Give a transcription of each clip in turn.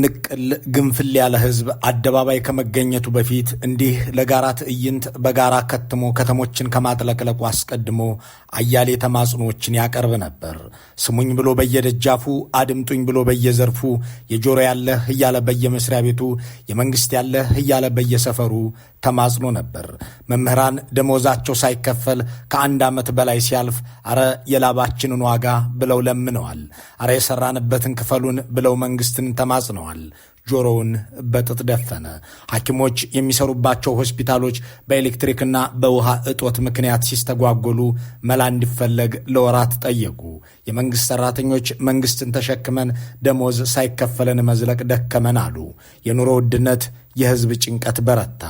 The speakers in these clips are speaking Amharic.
ንቅል ግንፍል ያለ ህዝብ አደባባይ ከመገኘቱ በፊት እንዲህ ለጋራ ትዕይንት በጋራ ከትሞ ከተሞችን ከማጥለቅለቁ አስቀድሞ አያሌ ተማጽኖዎችን ያቀርብ ነበር። ስሙኝ ብሎ በየደጃፉ አድምጡኝ ብሎ በየዘርፉ የጆሮ ያለህ እያለ በየመስሪያ ቤቱ የመንግስት ያለህ እያለ በየሰፈሩ ተማጽኖ ነበር። መምህራን ደሞዛቸው ሳይከፈል ከአንድ ዓመት በላይ ሲያልፍ አረ የላባችንን ዋጋ ብለው ለምነዋል። አረ የሰራንበትን ክፈሉን ብለው መንግስትን ተማጽነዋል። ሆነዋል። ጆሮውን በጥጥ ደፈነ። ሐኪሞች የሚሰሩባቸው ሆስፒታሎች በኤሌክትሪክና በውሃ እጦት ምክንያት ሲስተጓጎሉ መላ እንዲፈለግ ለወራት ጠየቁ። የመንግሥት ሠራተኞች መንግሥትን ተሸክመን ደሞዝ ሳይከፈለን መዝለቅ ደከመን አሉ። የኑሮ ውድነት የህዝብ ጭንቀት በረታ።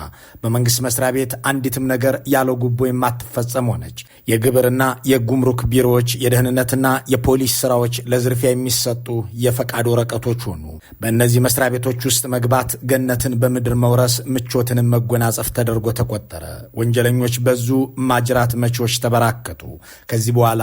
በመንግሥት መስሪያ ቤት አንዲትም ነገር ያለው ጉቦ የማትፈጸም ሆነች። የግብርና የጉምሩክ ቢሮዎች፣ የደህንነትና የፖሊስ ስራዎች ለዝርፊያ የሚሰጡ የፈቃድ ወረቀቶች ሆኑ። በእነዚህ መስሪያ ቤቶች ውስጥ መግባት ገነትን በምድር መውረስ፣ ምቾትንም መጎናጸፍ ተደርጎ ተቆጠረ። ወንጀለኞች በዙ፣ ማጅራት መቺዎች ተበራከቱ። ከዚህ በኋላ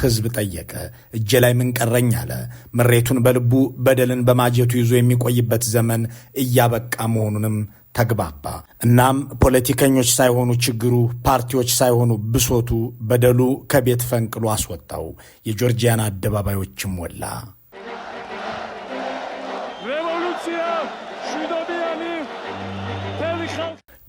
ህዝብ ጠየቀ። እጄ ላይ ምን ቀረኝ አለ። ምሬቱን በልቡ በደልን በማጀቱ ይዞ የሚቆይበት ዘመን እያበቃ መሆኑንም ተግባባ። እናም ፖለቲከኞች ሳይሆኑ ችግሩ፣ ፓርቲዎች ሳይሆኑ ብሶቱ፣ በደሉ ከቤት ፈንቅሎ አስወጣው። የጆርጂያን አደባባዮችም ሞላ።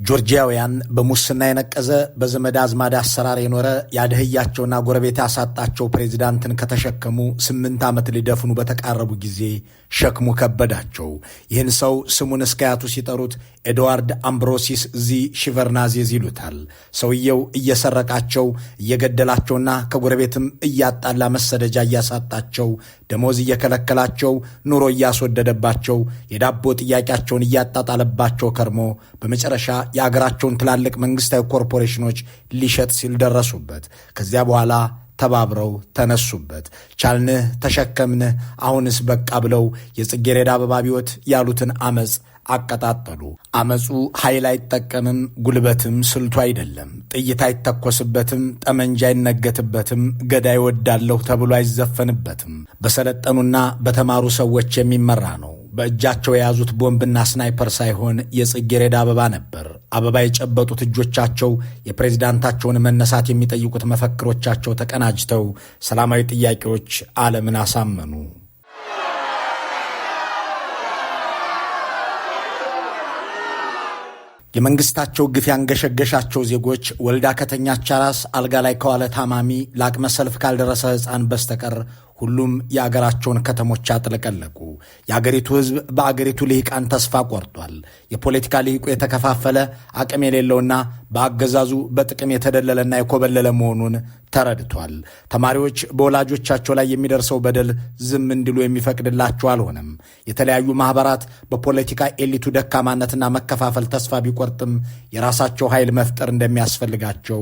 ጆርጂያውያን በሙስና የነቀዘ በዘመድ አዝማድ አሰራር የኖረ ያደህያቸውና ጎረቤት ያሳጣቸው ፕሬዚዳንትን ከተሸከሙ ስምንት ዓመት ሊደፍኑ በተቃረቡ ጊዜ ሸክሙ ከበዳቸው። ይህን ሰው ስሙን እስከ ሲጠሩት ኤድዋርድ አምብሮሲስ ዚ ሺቨርናዜዝ ይሉታል። ሰውየው እየሰረቃቸው እየገደላቸውና ከጎረቤትም እያጣላ መሰደጃ እያሳጣቸው፣ ደሞዝ እየከለከላቸው፣ ኑሮ እያስወደደባቸው፣ የዳቦ ጥያቄያቸውን እያጣጣለባቸው ከርሞ በመጨረሻ የአገራቸውን ትላልቅ መንግስታዊ ኮርፖሬሽኖች ሊሸጥ ሲል ደረሱበት። ከዚያ በኋላ ተባብረው ተነሱበት። ቻልንህ፣ ተሸከምንህ፣ አሁንስ በቃ ብለው የጽጌረዳ አበባ ቢወት ያሉትን አመፅ አቀጣጠሉ። አመፁ ኃይል አይጠቀምም፣ ጉልበትም ስልቱ አይደለም። ጥይት አይተኮስበትም፣ ጠመንጃ አይነገትበትም፣ ገዳይ ወዳለሁ ተብሎ አይዘፈንበትም። በሰለጠኑና በተማሩ ሰዎች የሚመራ ነው። በእጃቸው የያዙት ቦምብና ስናይፐር ሳይሆን የጽጌረዳ አበባ ነበር። አበባ የጨበጡት እጆቻቸው የፕሬዝዳንታቸውን መነሳት የሚጠይቁት መፈክሮቻቸው ተቀናጅተው ሰላማዊ ጥያቄዎች ዓለምን አሳመኑ። የመንግስታቸው ግፍ ያንገሸገሻቸው ዜጎች ወልዳ ከተኛች አራስ አልጋ ላይ ከዋለ ታማሚ ለአቅመ ሰልፍ ካልደረሰ ሕፃን በስተቀር ሁሉም የአገራቸውን ከተሞች ያጥለቀለቁ። የአገሪቱ ሕዝብ በአገሪቱ ልሂቃን ተስፋ ቆርጧል። የፖለቲካ ልሂቁ የተከፋፈለ አቅም የሌለውና በአገዛዙ በጥቅም የተደለለና የኮበለለ መሆኑን ተረድቷል። ተማሪዎች በወላጆቻቸው ላይ የሚደርሰው በደል ዝም እንዲሉ የሚፈቅድላቸው አልሆነም። የተለያዩ ማኅበራት በፖለቲካ ኤሊቱ ደካማነትና መከፋፈል ተስፋ ቢቆርጥም የራሳቸው ኃይል መፍጠር እንደሚያስፈልጋቸው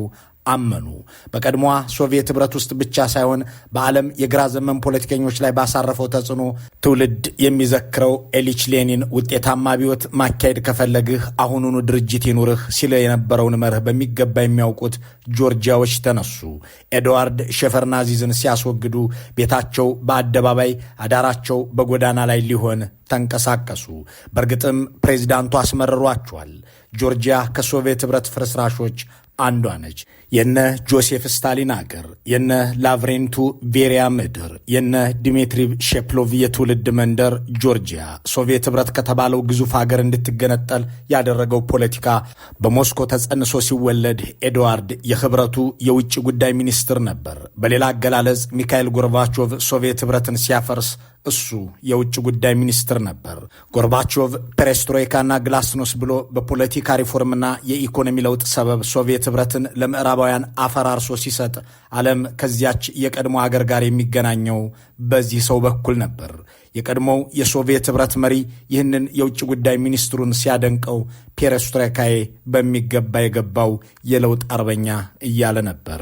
አመኑ። በቀድሞዋ ሶቪየት ህብረት ውስጥ ብቻ ሳይሆን በዓለም የግራ ዘመን ፖለቲከኞች ላይ ባሳረፈው ተጽዕኖ ትውልድ የሚዘክረው ኤሊች ሌኒን ውጤታማ አብዮት ማካሄድ ከፈለግህ አሁኑኑ ድርጅት ይኑርህ ሲለ የነበረውን መርህ በሚገባ የሚያውቁት ጆርጂያዎች ተነሱ። ኤድዋርድ ሸፈርናዚዝን ሲያስወግዱ ቤታቸው በአደባባይ አዳራቸው በጎዳና ላይ ሊሆን ተንቀሳቀሱ። በእርግጥም ፕሬዚዳንቱ አስመርሯቸዋል። ጆርጂያ ከሶቪየት ህብረት ፍርስራሾች አንዷ ነች። የነ ጆሴፍ ስታሊን አገር፣ የነ ላቭሬንቱ ቬሪያ ምድር፣ የነ ዲሜትሪ ሼፕሎቭ የትውልድ መንደር ጆርጂያ ሶቪየት ኅብረት ከተባለው ግዙፍ ሀገር እንድትገነጠል ያደረገው ፖለቲካ በሞስኮ ተጸንሶ ሲወለድ ኤድዋርድ የኅብረቱ የውጭ ጉዳይ ሚኒስትር ነበር። በሌላ አገላለጽ ሚካኤል ጎርባቾቭ ሶቪየት ኅብረትን ሲያፈርስ እሱ የውጭ ጉዳይ ሚኒስትር ነበር። ጎርባቾቭ ፔሬስትሮይካና ግላስኖስ ብሎ በፖለቲካ ሪፎርምና የኢኮኖሚ ለውጥ ሰበብ ሶቪየት ህብረትን ለምዕራባውያን አፈራርሶ ሲሰጥ ዓለም ከዚያች የቀድሞ አገር ጋር የሚገናኘው በዚህ ሰው በኩል ነበር። የቀድሞው የሶቪየት ህብረት መሪ ይህንን የውጭ ጉዳይ ሚኒስትሩን ሲያደንቀው ፔሬስትሮይካዬ በሚገባ የገባው የለውጥ አርበኛ እያለ ነበር።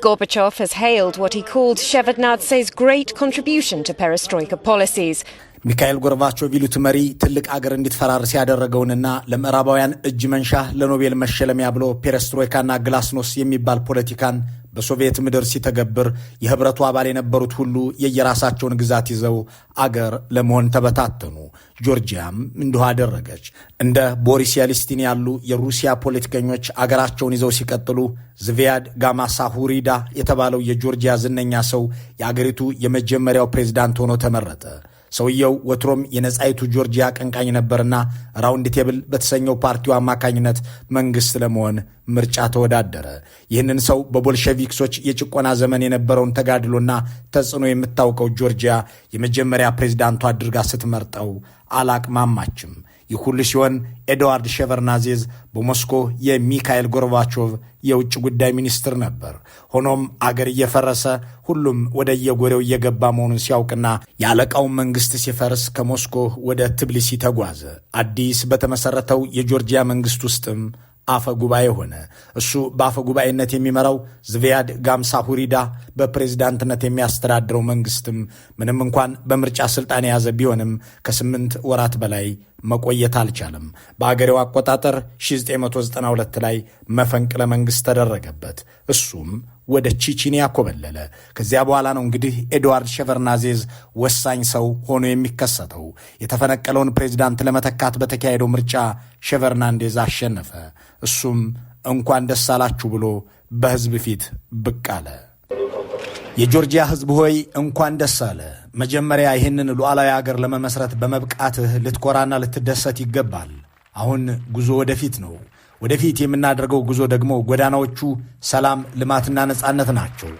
Gorbachev has hailed what he called Shevardnadze's great contribution to perestroika policies, ሚካኤል ጎርባቾቭ ይሉት መሪ ትልቅ አገር እንዲትፈራርስ ያደረገውንና ለምዕራባውያን እጅ መንሻ ለኖቤል መሸለሚያ ብሎ ፔሬስትሮይካና ግላስኖስ የሚባል ፖለቲካን በሶቪየት ምድር ሲተገብር የህብረቱ አባል የነበሩት ሁሉ የየራሳቸውን ግዛት ይዘው አገር ለመሆን ተበታተኑ። ጆርጂያም እንዲሁ አደረገች። እንደ ቦሪስ የሊስቲን ያሉ የሩሲያ ፖለቲከኞች አገራቸውን ይዘው ሲቀጥሉ ዝቪያድ ጋማሳሁሪዳ የተባለው የጆርጂያ ዝነኛ ሰው የአገሪቱ የመጀመሪያው ፕሬዝዳንት ሆኖ ተመረጠ። ሰውየው ወትሮም የነጻይቱ ጆርጂያ አቀንቃኝ ነበርና ራውንድ ቴብል በተሰኘው ፓርቲው አማካኝነት መንግስት ለመሆን ምርጫ ተወዳደረ። ይህንን ሰው በቦልሸቪክሶች የጭቆና ዘመን የነበረውን ተጋድሎና ተጽዕኖ የምታውቀው ጆርጂያ የመጀመሪያ ፕሬዚዳንቱ አድርጋ ስትመርጠው አላቅማማችም። ይህ ሁሉ ሲሆን ኤድዋርድ ሸቨርናዜዝ በሞስኮ የሚካኤል ጎርባቾቭ የውጭ ጉዳይ ሚኒስትር ነበር። ሆኖም አገር እየፈረሰ ሁሉም ወደ የጎሬው እየገባ መሆኑን ሲያውቅና የአለቃውን መንግስት ሲፈርስ ከሞስኮ ወደ ትብሊሲ ተጓዘ። አዲስ በተመሰረተው የጆርጂያ መንግስት ውስጥም አፈ ጉባኤ ሆነ። እሱ በአፈ ጉባኤነት የሚመራው ዝቪያድ ጋምሳ ሁሪዳ በፕሬዝዳንትነት የሚያስተዳድረው መንግስትም ምንም እንኳን በምርጫ ስልጣን የያዘ ቢሆንም ከስምንት ወራት በላይ መቆየት አልቻለም። በአገሬው አቆጣጠር 1992 ላይ መፈንቅለ መንግሥት ተደረገበት። እሱም ወደ ቺቺኒያ ኮበለለ። ከዚያ በኋላ ነው እንግዲህ ኤድዋርድ ሸቨርናዜዝ ወሳኝ ሰው ሆኖ የሚከሰተው። የተፈነቀለውን ፕሬዚዳንት ለመተካት በተካሄደው ምርጫ ሸቨርናንዴዝ አሸነፈ። እሱም እንኳን ደስ አላችሁ ብሎ በሕዝብ ፊት ብቅ አለ። የጆርጂያ ሕዝብ ሆይ እንኳን ደስ አለ። መጀመሪያ ይህንን ሉዓላዊ አገር ለመመስረት በመብቃትህ ልትኮራና ልትደሰት ይገባል። አሁን ጉዞ ወደፊት ነው። ወደፊት የምናደርገው ጉዞ ደግሞ ጎዳናዎቹ ሰላም፣ ልማትና ነጻነት ናቸው።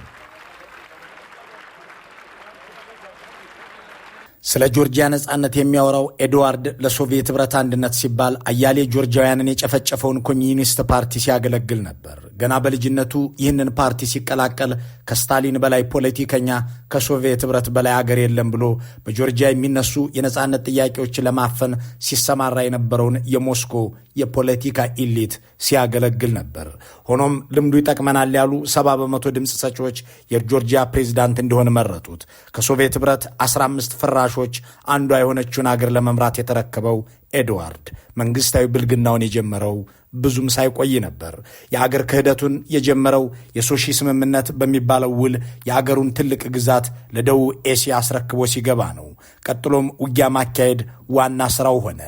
ስለ ጆርጂያ ነጻነት የሚያወራው ኤድዋርድ ለሶቪየት ኅብረት አንድነት ሲባል አያሌ ጆርጂያውያንን የጨፈጨፈውን ኮሚኒስት ፓርቲ ሲያገለግል ነበር። ገና በልጅነቱ ይህንን ፓርቲ ሲቀላቀል ከስታሊን በላይ ፖለቲከኛ፣ ከሶቪየት ኅብረት በላይ አገር የለም ብሎ በጆርጂያ የሚነሱ የነጻነት ጥያቄዎችን ለማፈን ሲሰማራ የነበረውን የሞስኮ የፖለቲካ ኢሊት ሲያገለግል ነበር። ሆኖም ልምዱ ይጠቅመናል ያሉ ሰባ በመቶ ድምፅ ሰጪዎች የጆርጂያ ፕሬዚዳንት እንዲሆን መረጡት። ከሶቪየት ኅብረት 15 ፍራሽ ቀስቃሾች አንዷ የሆነችውን አገር ለመምራት የተረከበው ኤድዋርድ መንግስታዊ ብልግናውን የጀመረው ብዙም ሳይቆይ ነበር። የአገር ክህደቱን የጀመረው የሶሺ ስምምነት በሚባለው ውል የአገሩን ትልቅ ግዛት ለደቡብ ኤስያ አስረክቦ ሲገባ ነው። ቀጥሎም ውጊያ ማካሄድ ዋና ስራው ሆነ።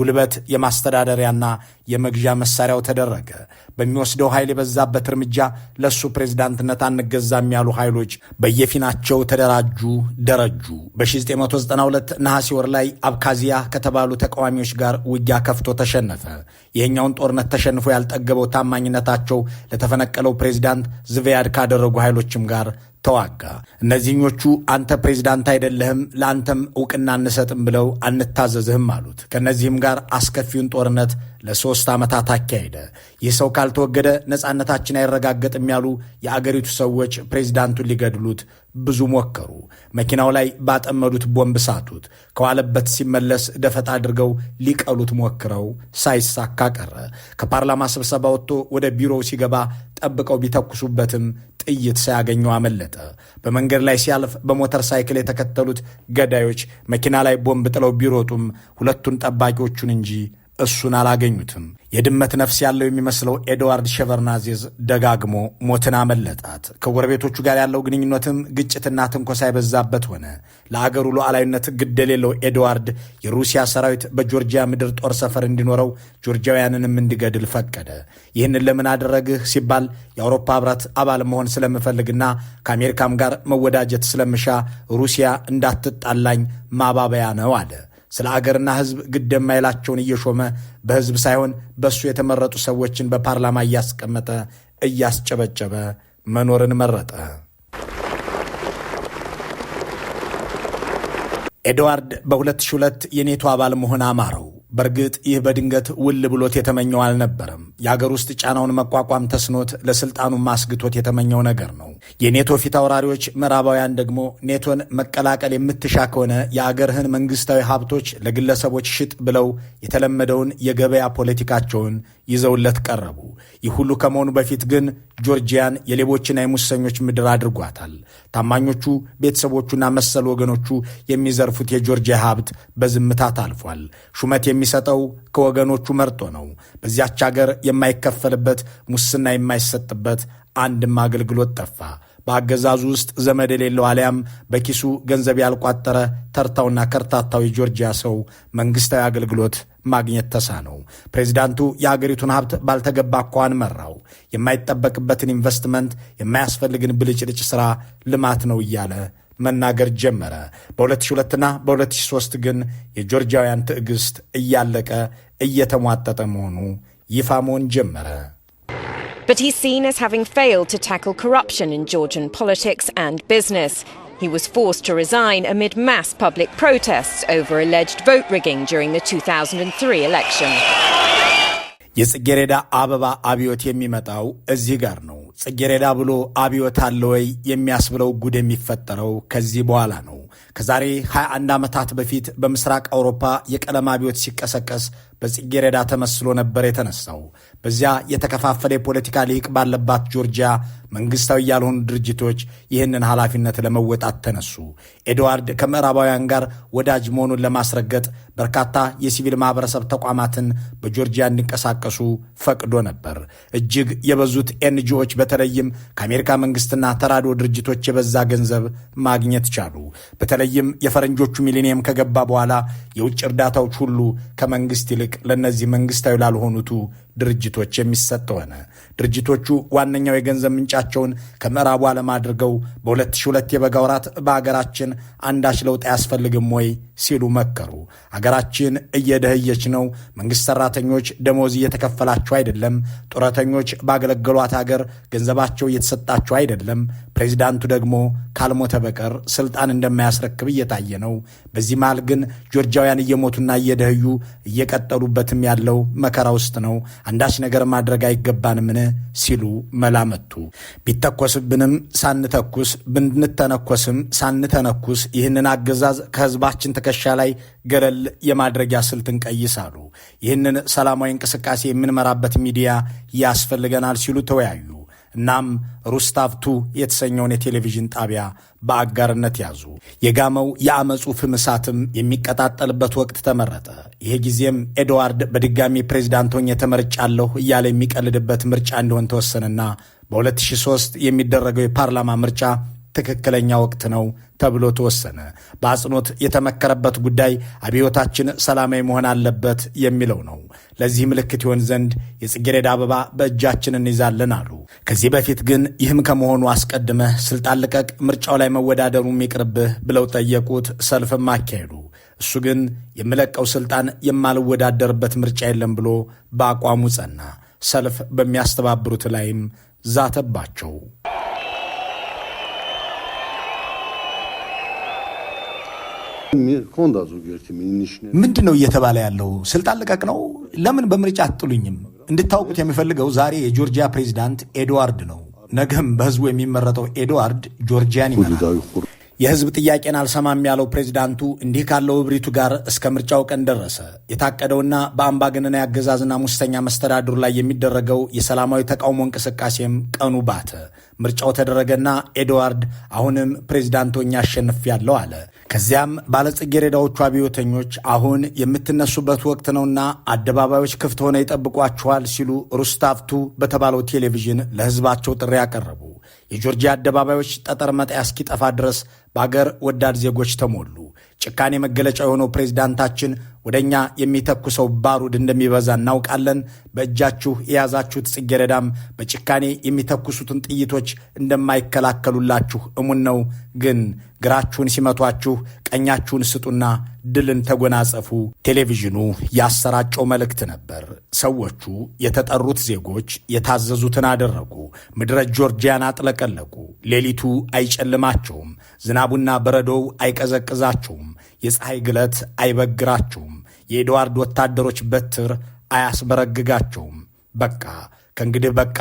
ጉልበት የማስተዳደሪያና የመግዣ መሳሪያው ተደረገ። በሚወስደው ኃይል የበዛበት እርምጃ ለእሱ ፕሬዝዳንትነት አንገዛም ያሉ ኃይሎች በየፊናቸው ተደራጁ፣ ደረጁ። በ1992 ነሐሴ ወር ላይ አብካዚያ ከተባሉ ተቃዋሚዎች ጋር ውጊያ ከፍቶ ተሸነፈ። ይህኛውን ጦርነት ተሸንፎ ያልጠገበው ታማኝነታቸው ለተፈነቀለው ፕሬዝዳንት ዝቬያድ ካደረጉ ኃይሎችም ጋር ተዋጋ። እነዚህኞቹ አንተ ፕሬዚዳንት አይደለህም፣ ለአንተም እውቅና አንሰጥም ብለው አንታዘዝህም አሉት። ከእነዚህም ጋር አስከፊውን ጦርነት ለሶስት ዓመታት አካሄደ። ይህ ሰው ካልተወገደ ነፃነታችን አይረጋገጥም ያሉ የአገሪቱ ሰዎች ፕሬዚዳንቱን ሊገድሉት ብዙ ሞከሩ። መኪናው ላይ ባጠመዱት ቦምብ ሳቱት። ከዋለበት ሲመለስ ደፈጣ አድርገው ሊቀሉት ሞክረው ሳይሳካ ቀረ። ከፓርላማ ስብሰባ ወጥቶ ወደ ቢሮው ሲገባ ጠብቀው ቢተኩሱበትም ጥይት ሳያገኙ አመለጠ። በመንገድ ላይ ሲያልፍ በሞተር ሳይክል የተከተሉት ገዳዮች መኪና ላይ ቦምብ ጥለው ቢሮጡም ሁለቱን ጠባቂዎቹን እንጂ እሱን አላገኙትም። የድመት ነፍስ ያለው የሚመስለው ኤድዋርድ ሸቨርናዜዝ ደጋግሞ ሞትን አመለጣት። ከጎረቤቶቹ ጋር ያለው ግንኙነትም ግጭትና ትንኮሳ የበዛበት ሆነ። ለአገሩ ሉዓላዊነት ግድ የሌለው ኤድዋርድ የሩሲያ ሰራዊት በጆርጂያ ምድር ጦር ሰፈር እንዲኖረው ጆርጂያውያንንም እንዲገድል ፈቀደ። ይህንን ለምን አደረግህ ሲባል የአውሮፓ ህብረት አባል መሆን ስለምፈልግና ከአሜሪካም ጋር መወዳጀት ስለምሻ ሩሲያ እንዳትጣላኝ ማባበያ ነው አለ። ስለ አገርና ህዝብ ግድ የማይላቸውን እየሾመ በህዝብ ሳይሆን በእሱ የተመረጡ ሰዎችን በፓርላማ እያስቀመጠ እያስጨበጨበ መኖርን መረጠ። ኤድዋርድ በ2002 የኔቶ አባል መሆን አማረው። በእርግጥ ይህ በድንገት ውል ብሎት የተመኘው አልነበረም። የአገር ውስጥ ጫናውን መቋቋም ተስኖት ለስልጣኑ ማስግቶት የተመኘው ነገር ነው። የኔቶ ፊት አውራሪዎች ምዕራባውያን ደግሞ ኔቶን መቀላቀል የምትሻ ከሆነ የአገርህን መንግስታዊ ሀብቶች ለግለሰቦች ሽጥ ብለው የተለመደውን የገበያ ፖለቲካቸውን ይዘውለት ቀረቡ። ይህ ሁሉ ከመሆኑ በፊት ግን ጆርጂያን የሌቦችና የሙሰኞች ምድር አድርጓታል። ታማኞቹ ቤተሰቦቹና መሰል ወገኖቹ የሚዘርፉት የጆርጂያ ሀብት በዝምታ ታልፏል። ሹመት የሚሰጠው ከወገኖቹ መርጦ ነው። በዚያች አገር የማይከፈልበት ሙስና የማይሰጥበት አንድም አገልግሎት ጠፋ። በአገዛዙ ውስጥ ዘመድ የሌለው አሊያም በኪሱ ገንዘብ ያልቋጠረ ተርታውና ከርታታው የጆርጂያ ሰው መንግሥታዊ አገልግሎት ማግኘት ተሳነው። ፕሬዚዳንቱ የአገሪቱን ሀብት ባልተገባ አኳን መራው። የማይጠበቅበትን ኢንቨስትመንት፣ የማያስፈልግን ብልጭልጭ ስራ ልማት ነው እያለ መናገር ጀመረ። በ2002ና በ2003 ግን የጆርጂያውያን ትዕግስት እያለቀ እየተሟጠጠ መሆኑ ይፋ መሆን ጀመረ። But he's seen as having failed to tackle corruption in Georgian politics and business. He was forced to resign amid mass public protests over alleged vote rigging during the 2003 election. የጽጌሬዳ አበባ አብዮት የሚመጣው እዚህ ጋር ነው። ጽጌሬዳ ብሎ አብዮት አለ ወይ የሚያስብለው ጉድ የሚፈጠረው ከዚህ በኋላ ነው። ከዛሬ 21 ዓመታት በፊት በምስራቅ አውሮፓ የቀለም አብዮት ሲቀሰቀስ በጽጌረዳ ተመስሎ ነበር የተነሳው። በዚያ የተከፋፈለ የፖለቲካ ሊቅ ባለባት ጆርጂያ መንግስታዊ ያልሆኑ ድርጅቶች ይህንን ኃላፊነት ለመወጣት ተነሱ። ኤድዋርድ ከምዕራባውያን ጋር ወዳጅ መሆኑን ለማስረገጥ በርካታ የሲቪል ማህበረሰብ ተቋማትን በጆርጂያ እንዲንቀሳቀሱ ፈቅዶ ነበር። እጅግ የበዙት ኤንጂዎች በተለይም ከአሜሪካ መንግስትና ተራድኦ ድርጅቶች የበዛ ገንዘብ ማግኘት ቻሉ። በተለይም የፈረንጆቹ ሚሊኒየም ከገባ በኋላ የውጭ እርዳታዎች ሁሉ ከመንግስት ይልቅ ይልቅ ለእነዚህ መንግስታዊ ላልሆኑቱ ድርጅቶች የሚሰጥ ሆነ። ድርጅቶቹ ዋነኛው የገንዘብ ምንጫቸውን ከምዕራቡ ዓለም አድርገው በ2002 የበጋ ወራት በሀገራችን አንዳች ለውጥ አያስፈልግም ወይ ሲሉ መከሩ። አገራችን እየደህየች ነው። መንግስት ሰራተኞች ደሞዝ እየተከፈላቸው አይደለም። ጡረተኞች ባገለገሏት አገር ገንዘባቸው እየተሰጣቸው አይደለም። ፕሬዚዳንቱ ደግሞ ካልሞተ በቀር ስልጣን እንደማያስረክብ እየታየ ነው። በዚህ መሃል ግን ጆርጂያውያን እየሞቱና እየደህዩ እየቀጠሉበትም ያለው መከራ ውስጥ ነው። አንዳች ነገር ማድረግ አይገባንምን? ሲሉ መላመቱ ቢተኮስብንም ሳንተኩስ ብንተነኮስም ሳንተነኩስ ይህንን አገዛዝ ከህዝባችን ትከሻ ላይ ገለል የማድረጊያ ስልትን ቀይሳሉ። ይህንን ሰላማዊ እንቅስቃሴ የምንመራበት ሚዲያ ያስፈልገናል ሲሉ ተወያዩ። እናም ሩስታቭቱ የተሰኘውን የቴሌቪዥን ጣቢያ በአጋርነት ያዙ። የጋመው የአመፁ ፍምሳትም የሚቀጣጠልበት ወቅት ተመረጠ። ይሄ ጊዜም ኤድዋርድ በድጋሚ ፕሬዚዳንት ሆኜ ተመርጫለሁ እያለ የሚቀልድበት ምርጫ እንዲሆን ተወሰነና በ2003 የሚደረገው የፓርላማ ምርጫ ትክክለኛ ወቅት ነው ተብሎ ተወሰነ። በአጽንኦት የተመከረበት ጉዳይ አብዮታችን ሰላማዊ መሆን አለበት የሚለው ነው። ለዚህ ምልክት ይሆን ዘንድ የጽጌረዳ አበባ በእጃችን እንይዛለን አሉ። ከዚህ በፊት ግን ይህም ከመሆኑ አስቀድመህ ስልጣን ልቀቅ፣ ምርጫው ላይ መወዳደሩም ይቅርብህ ብለው ጠየቁት። ሰልፍም አካሄዱ። እሱ ግን የምለቀው ስልጣን የማልወዳደርበት ምርጫ የለም ብሎ በአቋሙ ጸና። ሰልፍ በሚያስተባብሩት ላይም ዛተባቸው። ምንድን ነው እየተባለ ያለው? ስልጣን ልቀቅ ነው? ለምን በምርጫ አትጥሉኝም? እንድታውቁት የሚፈልገው ዛሬ የጆርጂያ ፕሬዚዳንት ኤድዋርድ ነው። ነገም በህዝቡ የሚመረጠው ኤድዋርድ ጆርጂያን ይመራል። የህዝብ ጥያቄን አልሰማም ያለው ፕሬዚዳንቱ እንዲህ ካለው እብሪቱ ጋር እስከ ምርጫው ቀን ደረሰ። የታቀደውና በአምባገነን አገዛዝና ሙስተኛ መስተዳድሩ ላይ የሚደረገው የሰላማዊ ተቃውሞ እንቅስቃሴም ቀኑ ባተ። ምርጫው ተደረገና ኤድዋርድ አሁንም ፕሬዚዳንቶኝ ሆኜ ያለው አለ። ከዚያም ባለጽጌረዳዎቹ አብዮተኞች አሁን የምትነሱበት ወቅት ነውና አደባባዮች ክፍት ሆነ ይጠብቋችኋል ሲሉ ሩስታፍቱ በተባለው ቴሌቪዥን ለህዝባቸው ጥሪ አቀረቡ። የጆርጂያ አደባባዮች ጠጠር መጣያ እስኪጠፋ ድረስ በአገር ወዳድ ዜጎች ተሞሉ። ጭካኔ መገለጫ የሆነው ፕሬዚዳንታችን ወደ እኛ የሚተኩሰው ባሩድ እንደሚበዛ እናውቃለን። በእጃችሁ የያዛችሁት ጽጌረዳም በጭካኔ የሚተኩሱትን ጥይቶች እንደማይከላከሉላችሁ እሙን ነው። ግን ግራችሁን ሲመቷችሁ ቀኛችሁን ስጡና ድልን ተጎናጸፉ። ቴሌቪዥኑ ያሰራጨው መልእክት ነበር። ሰዎቹ የተጠሩት ዜጎች የታዘዙትን አደረጉ። ምድረ ጆርጂያን አጥለቀለቁ። ሌሊቱ አይጨልማቸውም። ዝናቡና በረዶው አይቀዘቅዛቸውም። የፀሐይ ግለት አይበግራችሁም፣ የኤድዋርድ ወታደሮች በትር አያስበረግጋችሁም። በቃ ከእንግዲህ በቃ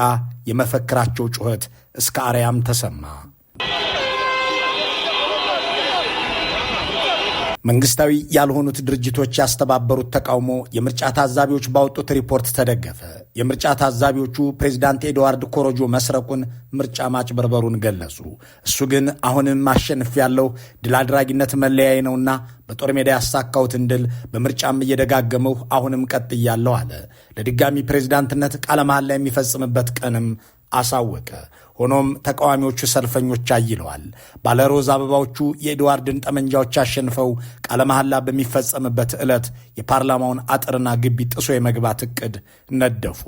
የመፈክራቸው ጩኸት እስከ አርያም ተሰማ። መንግስታዊ ያልሆኑት ድርጅቶች ያስተባበሩት ተቃውሞ የምርጫ ታዛቢዎች ባወጡት ሪፖርት ተደገፈ። የምርጫ ታዛቢዎቹ ፕሬዚዳንት ኤድዋርድ ኮሮጆ መስረቁን፣ ምርጫ ማጭበርበሩን ገለጹ። እሱ ግን አሁንም ማሸንፍ ያለው ድል አድራጊነት መለያይ ነውና በጦር ሜዳ ያሳካሁትን ድል በምርጫም እየደጋገመው አሁንም ቀጥያለሁ አለ። ለድጋሚ ፕሬዚዳንትነት ቃለ መሃላ የሚፈጽምበት ቀንም አሳወቀ። ሆኖም ተቃዋሚዎቹ ሰልፈኞች አይለዋል። ባለሮዝ አበባዎቹ የኤድዋርድን ጠመንጃዎች አሸንፈው ቃለ መሐላ በሚፈጸምበት ዕለት የፓርላማውን አጥርና ግቢ ጥሶ የመግባት እቅድ ነደፉ።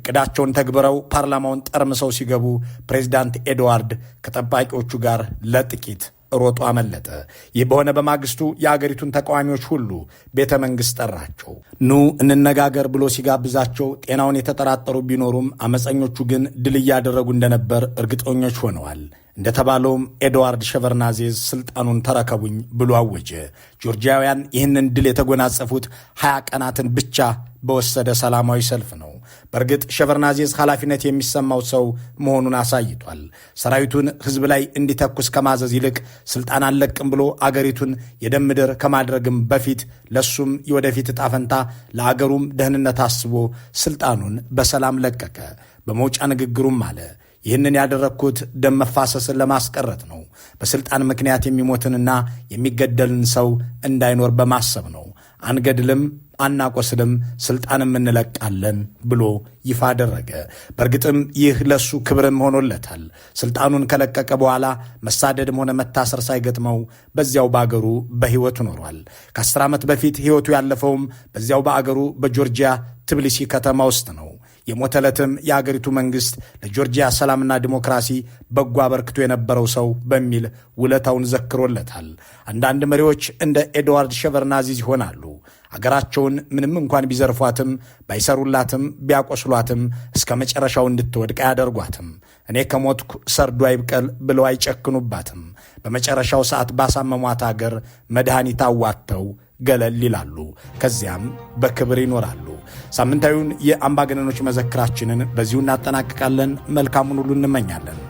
እቅዳቸውን ተግብረው ፓርላማውን ጠርምሰው ሲገቡ ፕሬዚዳንት ኤድዋርድ ከጠባቂዎቹ ጋር ለጥቂት ሮጦ አመለጠ። ይህ በሆነ በማግስቱ የአገሪቱን ተቃዋሚዎች ሁሉ ቤተ መንግሥት ጠራቸው። ኑ እንነጋገር ብሎ ሲጋብዛቸው ጤናውን የተጠራጠሩ ቢኖሩም አመፀኞቹ ግን ድል እያደረጉ እንደነበር እርግጠኞች ሆነዋል። እንደተባለውም ኤድዋርድ ሸቨርናዜዝ ስልጣኑን ተረከቡኝ ብሎ አወጀ። ጆርጂያውያን ይህንን ድል የተጎናጸፉት ሀያ ቀናትን ብቻ በወሰደ ሰላማዊ ሰልፍ ነው። በእርግጥ ሸቨርናዜዝ ኃላፊነት የሚሰማው ሰው መሆኑን አሳይቷል። ሰራዊቱን ህዝብ ላይ እንዲተኩስ ከማዘዝ ይልቅ ስልጣን አለቅም ብሎ አገሪቱን የደም ምድር ከማድረግም በፊት ለሱም የወደፊት ዕጣ ፈንታ ለአገሩም ደህንነት አስቦ ስልጣኑን በሰላም ለቀቀ። በመውጫ ንግግሩም አለ ይህንን ያደረግኩት ደም መፋሰስን ለማስቀረት ነው። በስልጣን ምክንያት የሚሞትንና የሚገደልን ሰው እንዳይኖር በማሰብ ነው። አንገድልም፣ አናቆስልም፣ ስልጣንም እንለቃለን ብሎ ይፋ አደረገ። በእርግጥም ይህ ለሱ ክብርም ሆኖለታል። ስልጣኑን ከለቀቀ በኋላ መሳደድም ሆነ መታሰር ሳይገጥመው በዚያው በአገሩ በሕይወት ኖሯል። ከአስር ዓመት በፊት ሕይወቱ ያለፈውም በዚያው በአገሩ በጆርጂያ ትብሊሲ ከተማ ውስጥ ነው። የሞተ ዕለትም የአገሪቱ መንግስት ለጆርጂያ ሰላምና ዲሞክራሲ በጎ አበርክቶ የነበረው ሰው በሚል ውለታውን ዘክሮለታል። አንዳንድ መሪዎች እንደ ኤድዋርድ ሸቨርናዚዝ ይሆናሉ። አገራቸውን ምንም እንኳን ቢዘርፏትም ባይሰሩላትም ቢያቆስሏትም እስከ መጨረሻው እንድትወድቅ አያደርጓትም። እኔ ከሞትኩ ሰርዶ አይብቀል ብለው አይጨክኑባትም። በመጨረሻው ሰዓት ባሳመሟት አገር መድኃኒት አዋጥተው ገለል ይላሉ። ከዚያም በክብር ይኖራሉ። ሳምንታዊውን የአምባገነኖች መዘክራችንን በዚሁ እናጠናቅቃለን። መልካሙን ሁሉ እንመኛለን።